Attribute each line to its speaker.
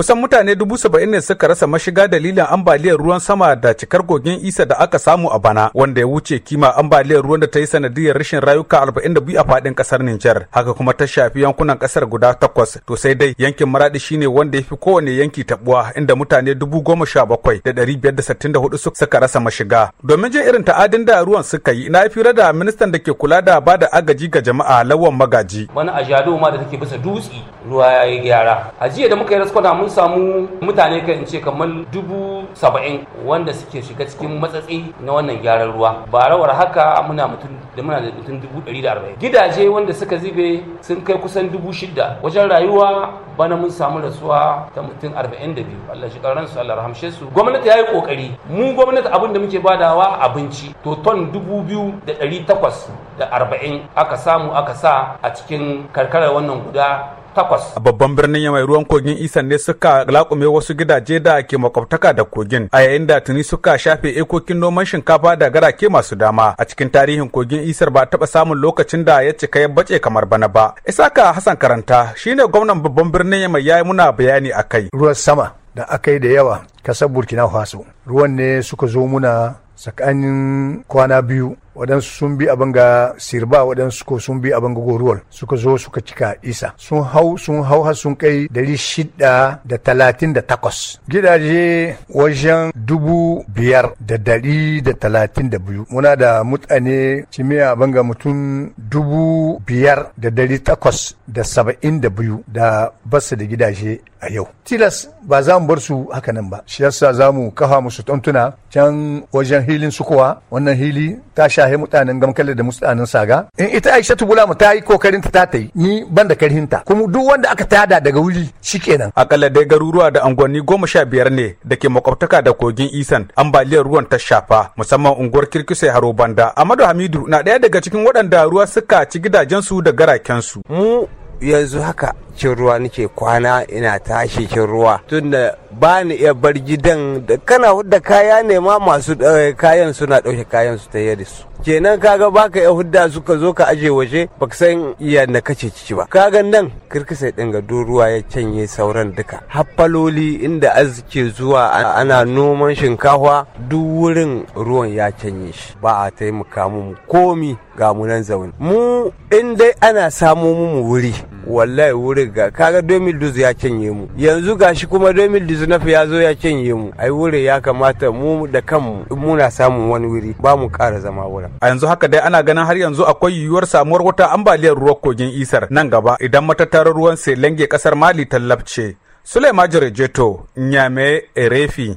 Speaker 1: kusan mutane dubu saba'in ne suka rasa mashiga dalilin ambaliyar ruwan sama da cikar kogin isa da aka samu a bana wanda ya wuce kima ambaliyar ruwan da ta yi sanadiyar rashin rayuka arba'in da biyu a faɗin ƙasar Nijar haka kuma ta shafi yankunan ƙasar guda takwas to sai dai yankin Maradi shine wanda ya fi kowane yanki tabuwa inda mutane dubu goma sha bakwai da ɗari biyar da sittin da hudu suka rasa mashiga domin jin irin ta'adin da ruwan suka yi na fira da ministan da ke kula da bada agaji ga jama'a lawan magaji
Speaker 2: wani a ma da take bisa dutse ruwa ya yi gyara a jiya da muka yi raskwada mun samu mutane kan in ce kamar dubu saba'in wanda suke shiga cikin matsatsi na wannan gyaran ruwa ba rawar haka muna mutum da muna da mutum dubu ɗari da arba'in gidaje wanda suka zube sun kai kusan dubu shida wajen rayuwa bana mun samu rasuwa ta mutum arba'in da biyu Allah shi ransu Allah rahamshe su gwamnati ya yi ƙoƙari mu gwamnati abin da muke badawa abinci to ton dubu biyu da ɗari takwas da arba'in aka samu aka sa a cikin karkarar wannan guda takwas. A
Speaker 1: babban birnin Yamai ruwan kogin Isan ne suka laƙume wasu gidaje da ke makwabtaka da kogin a yayin da tuni suka shafe ikokin noman shinkafa da ke masu dama. A cikin tarihin kogin Isar ba taɓa samun lokacin da ya cika ya bace kamar bana ba. Isaka Hassan Karanta shine gwamnan babban birnin Yamai ya yi muna bayani a kai.
Speaker 3: Ruwan sama da aka yi da yawa kasar Burkina Faso. Ruwan ne suka zo muna tsakanin kwana biyu waɗansu sun bi abin ga sirba waɗansu ko sun bi abin ga goruwar suka zo suka cika isa sun hau sun hau har sun kai dari shida da talatin da takwas gidaje wajen dubu biyar da dari da talatin da biyu muna da mutane cimiya abin ga mutum dubu biyar da dari takwas da saba'in da biyu da basu da gidaje a yau tilas ba za mu bar su haka nan ba shi yasa za mu kafa musu tantuna can wajen hilin sukuwa wannan hili ta sha shahi mutanen gamkalle da mutanen saga in ita aishatu mu ta yi kokarin ta ta yi ni ban da karhinta kuma duk wanda aka tada daga wuri shikenan akalla dai
Speaker 1: garuruwa da unguwanni goma sha biyar ne da ke makwabtaka da kogin isan ambaliyar ruwan ta shafa musamman unguwar kirkise haro banda amadu hamidu na daya daga cikin waɗanda ruwa suka ci gidajensu
Speaker 4: da garakensu mu yanzu haka cin ruwa nake kwana ina tashi cin ruwa tunda ba ni iya bar gidan da kana hudda kaya ne ma masu eh, kayan suna ɗauke kayan su ta yadda su kenan kaga baka iya hudda suka zo ka aje waje baka san iya na kace ciki ba kaga nan kirkisa din ga ruwa ya canye sauran duka haffaloli inda azke zuwa ana noman shinkafa duk wurin ruwan ya canye shi ba a taimaka mu komi ga mu nan zaune mu in dai ana samo mu wuri wallahi wurin ga kaga domil ya cinye mu yanzu gashi kuma domil duz na ya zo ya cinye mu ai wurin ya kamata mu da kanmu in muna samun wani wuri ba mu ƙara zama wurin a yanzu haka dai ana ganin har yanzu akwai yiwuwar samuwar wata ambaliyar
Speaker 1: ruwan kogin isar nan gaba idan matattarar ruwan sai lange kasar mali tallafce Suleiman Jirejeto, Nyame Erefi.